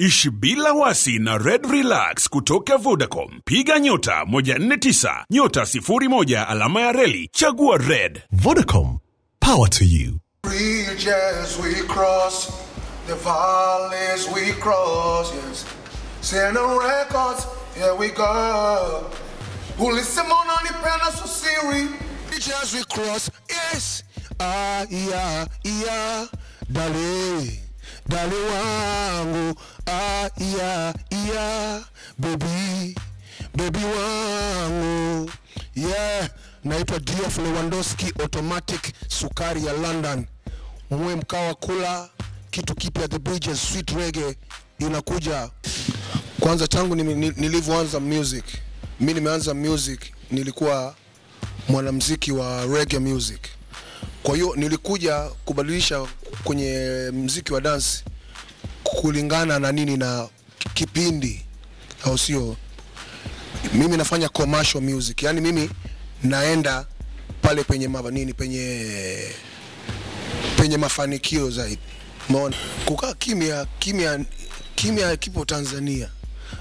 Ishi bila wasi na Red Relax kutoka Vodacom. Piga nyota 149 nyota 01 alama ya reli chagua Red. Vodacom, power to you. Bridges we cross, the valleys we cross, yes. Send on records, here we go. Ulisimona nipenda siri. Bridges we cross, yes. Ah, yeah, yeah, darling dale wangu ah, ia, bebi bebi wangu yeah. naitwa Geoff Lewandowski automatic sukari ya London mwe mkawa kula kitu kipya The Bridges sweet reggae inakuja kwanza tangu nilivyoanza music mi nimeanza music nilikuwa mwanamziki wa reggae music kwa hiyo nilikuja kubadilisha kwenye mziki wa dansi kulingana na nini na kipindi, au sio? Mimi nafanya commercial music, yani mimi naenda pale penye mava, nini penye penye mafanikio zaidi. Umeona, kukaa kimya kimya kimya kipo Tanzania,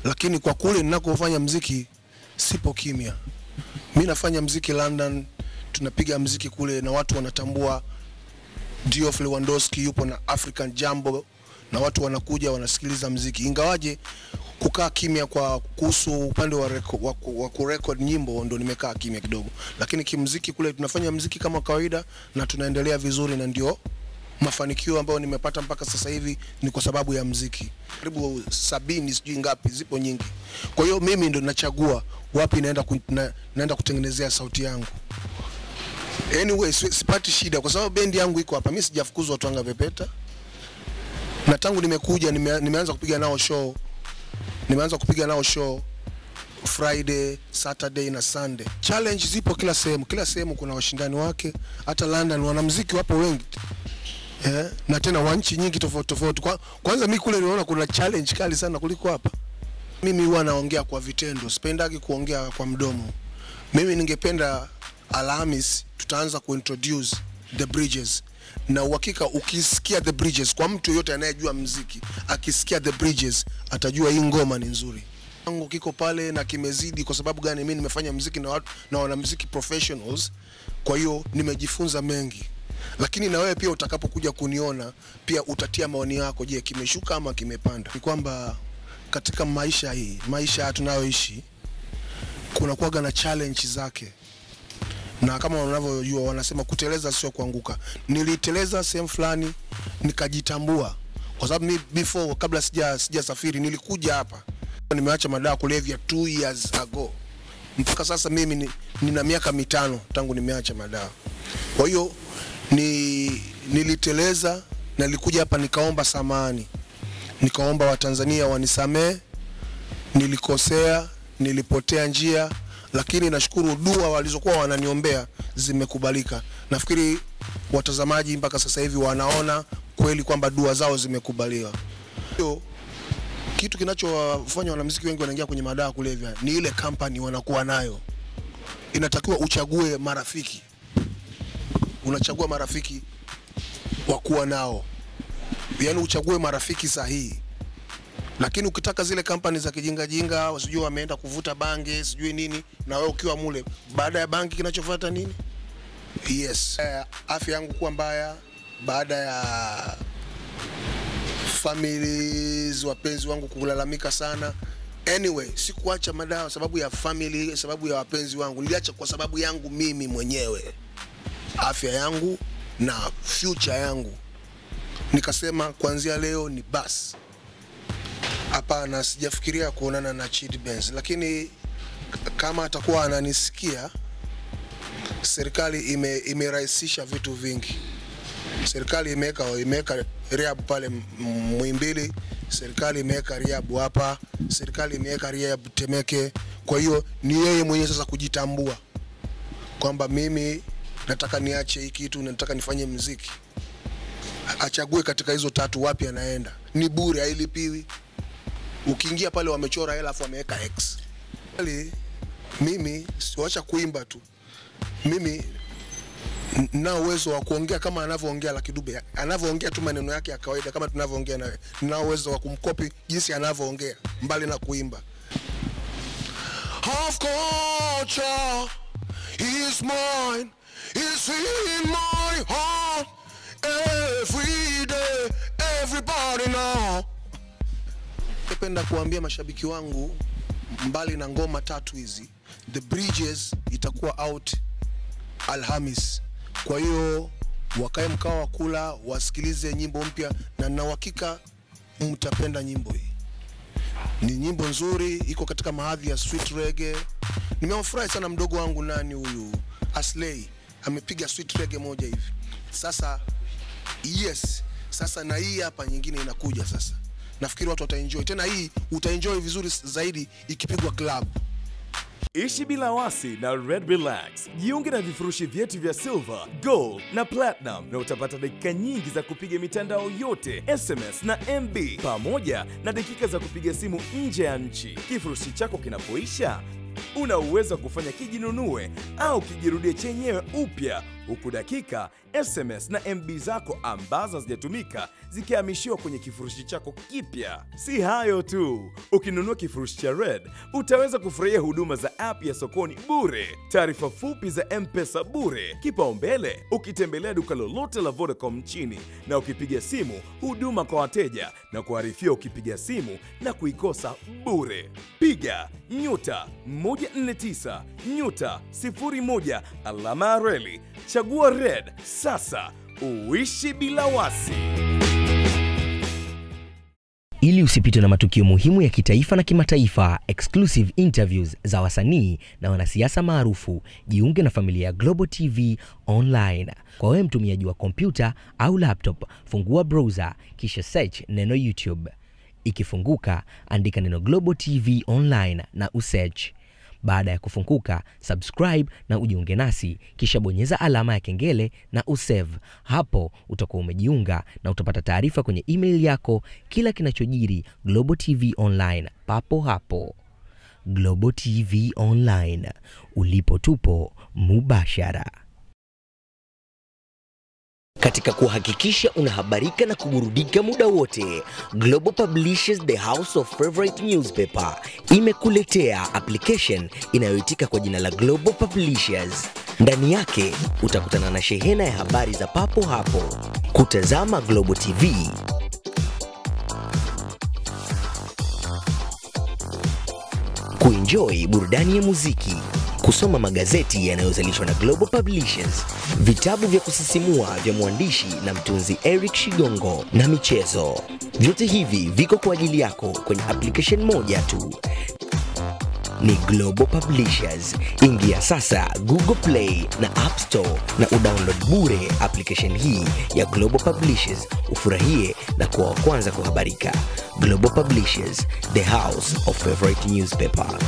lakini kwa kule ninakofanya mziki sipo kimya. Mi nafanya mziki London, tunapiga mziki kule na watu wanatambua Diof Lewandowski yupo na African Jambo na watu wanakuja wanasikiliza mziki, ingawaje kukaa kimya kwa kuhusu upande wa, reko, wa, wa kurekod nyimbo ndo nimekaa kimya kidogo, lakini kimziki kule tunafanya mziki kama kawaida na tunaendelea vizuri, na ndio mafanikio ambayo nimepata mpaka sasa hivi ni kwa sababu ya mziki. Karibu sabini sijui ngapi, zipo nyingi. Kwa hiyo mimi ndo nachagua wapi naenda, ku, na, naenda kutengenezea sauti yangu. Anyway, sipati shida kwa sababu bendi yangu iko hapa. Mimi sijafukuzwa Twanga Vepeta, na tangu nimekuja nime, nimeanza kupiga nao show, nimeanza kupiga nao show Friday, Saturday na Sunday. Challenge zipo kila sehemu, kila sehemu kuna washindani wake. Hata London wanamuziki wapo wengi yeah, na tena wa nchi nyingi tofauti tofauti. Kwa, kwanza mimi kule niliona kuna challenge kali sana kuliko hapa. Mimi huwa naongea kwa vitendo, sipendagi kuongea kwa mdomo. Mimi ningependa Alhamis tutaanza kuintroduce the bridges na uhakika ukisikia the bridges, kwa mtu yoyote anayejua mziki akisikia the bridges atajua hii ngoma ni nzuri. Yangu kiko pale na kimezidi. Kwa sababu gani? Mimi nimefanya mziki na watu na wanamziki professionals, kwa hiyo nimejifunza mengi, lakini na wewe pia utakapokuja kuniona pia utatia maoni yako. Je, kimeshuka ama kimepanda? Ni kwamba katika maisha hii, maisha tunayoishi, kunakuwaga na challenge zake na kama unavyojua wanasema kuteleza sio kuanguka. Niliteleza sehemu fulani nikajitambua, kwa sababu mi before, kabla sija sijasafiri nilikuja hapa, nimeacha madawa kulevya 2 years ago mpaka sasa mimi ni, nina miaka mitano tangu nimeacha madawa. Kwa hiyo ni, niliteleza na nilikuja hapa nikaomba samani, nikaomba Watanzania wanisamee, nilikosea, nilipotea njia lakini nashukuru dua walizokuwa wananiombea zimekubalika. Nafikiri watazamaji mpaka sasa hivi wanaona kweli kwamba dua zao zimekubaliwa. Kitu kinachowafanya wanamuziki wengi wanaingia kwenye madawa kulevya ni ile kampani wanakuwa nayo. Inatakiwa uchague marafiki, unachagua marafiki wa kuwa nao, yaani uchague marafiki sahihi lakini ukitaka zile kampani za kijingajinga, sijui wameenda kuvuta bangi sijui nini, na wewe ukiwa mule, baada ya bangi kinachofuata nini? Yes. Eh, afya yangu kuwa mbaya baada ya families, wapenzi wangu kulalamika sana. Anyway, sikuacha madawa sababu ya family, sababu ya wapenzi wangu. Niliacha kwa sababu yangu mimi mwenyewe, afya yangu na future yangu. Nikasema kuanzia leo ni basi. Hapana, sijafikiria kuonana na Chidi Benz, lakini kama atakuwa ananisikia, serikali ime, imerahisisha vitu vingi. Serikali imeweka imeweka riabu pale Muhimbili, serikali imeweka riabu hapa, serikali imeweka riabu Temeke. Kwa hiyo ni yeye mwenyewe sasa kujitambua kwamba mimi nataka niache hii kitu, nataka nifanye mziki, achague katika hizo tatu, wapi anaenda. Ni bure, hailipiwi ukiingia pale wamechora hela afu wameweka X. Kweli mimi siwacha kuimba tu, mimi na uwezo wa kuongea kama anavyoongea Lucky Dube, anavyoongea tu maneno yake ya kawaida kama tunavyoongea nawe. Na uwezo wa kumkopi jinsi anavyoongea mbali na kuimba. Half culture is mine, is in mine. napenda kuambia mashabiki wangu, mbali na ngoma tatu hizi, The Bridges itakuwa out Alhamis, kwa hiyo wakae mkao wa kula, wasikilize nyimbo mpya, na na uhakika mtapenda nyimbo hii. Ni nyimbo nzuri, iko katika mahadhi ya sweet reggae. Nimewafurahi sana mdogo wangu nani huyu Aslay, amepiga sweet reggae moja hivi sasa. Yes, sasa na hii hapa nyingine inakuja sasa nafikiri watu wataenjoy. Tena hii utaenjoy vizuri zaidi ikipigwa club. Ishi bila wasi na Red Relax. Jiunge na vifurushi vyetu vya silver, gold na platinum na utapata dakika nyingi za kupiga mitandao yote, SMS na MB pamoja na dakika za kupiga simu nje ya nchi. Kifurushi chako kinapoisha, una uwezo wa kufanya kijinunue au kijirudie chenyewe upya huku dakika, SMS na MB zako ambazo hazijatumika zikihamishiwa kwenye kifurushi chako kipya. Si hayo tu, ukinunua kifurushi cha Red utaweza kufurahia huduma za app ya sokoni bure, taarifa fupi za mpesa bure, kipaumbele ukitembelea duka lolote la Vodacom nchini, na ukipiga simu huduma kwa wateja na kuharifia ukipiga simu na kuikosa bure. Piga nyuta 149 nyuta 01 alama reli Chagua Red sasa, uishi bila wasi. Ili usipitwe na matukio muhimu ya kitaifa na kimataifa, exclusive interviews za wasanii na wanasiasa maarufu, jiunge na familia ya Global TV Online. Kwa wewe mtumiaji wa kompyuta au laptop, fungua browser kisha search neno YouTube. Ikifunguka, andika neno Global TV Online na usearch. Baada ya kufunguka, subscribe na ujiunge nasi, kisha bonyeza alama ya kengele na usave. Hapo utakuwa umejiunga na utapata taarifa kwenye email yako kila kinachojiri Global TV Online papo hapo. Global TV Online, ulipo tupo mubashara katika kuhakikisha unahabarika na kuburudika muda wote. Global Publishers, the house of favorite newspaper, imekuletea application inayoitika kwa jina la Global Publishers. Ndani yake utakutana na shehena ya habari za papo hapo, kutazama Global TV, kuenjoy burudani ya muziki kusoma magazeti yanayozalishwa na Global Publishers, vitabu vya kusisimua vya mwandishi na mtunzi Eric Shigongo na michezo. Vyote hivi viko kwa ajili yako kwenye application moja tu ni Global Publishers. Ingia sasa Google Play na App Store na udownload bure application hii ya Global Publishers, ufurahie na kuwa wa kwanza kuhabarika. Global Publishers, the house of favorite newspaper.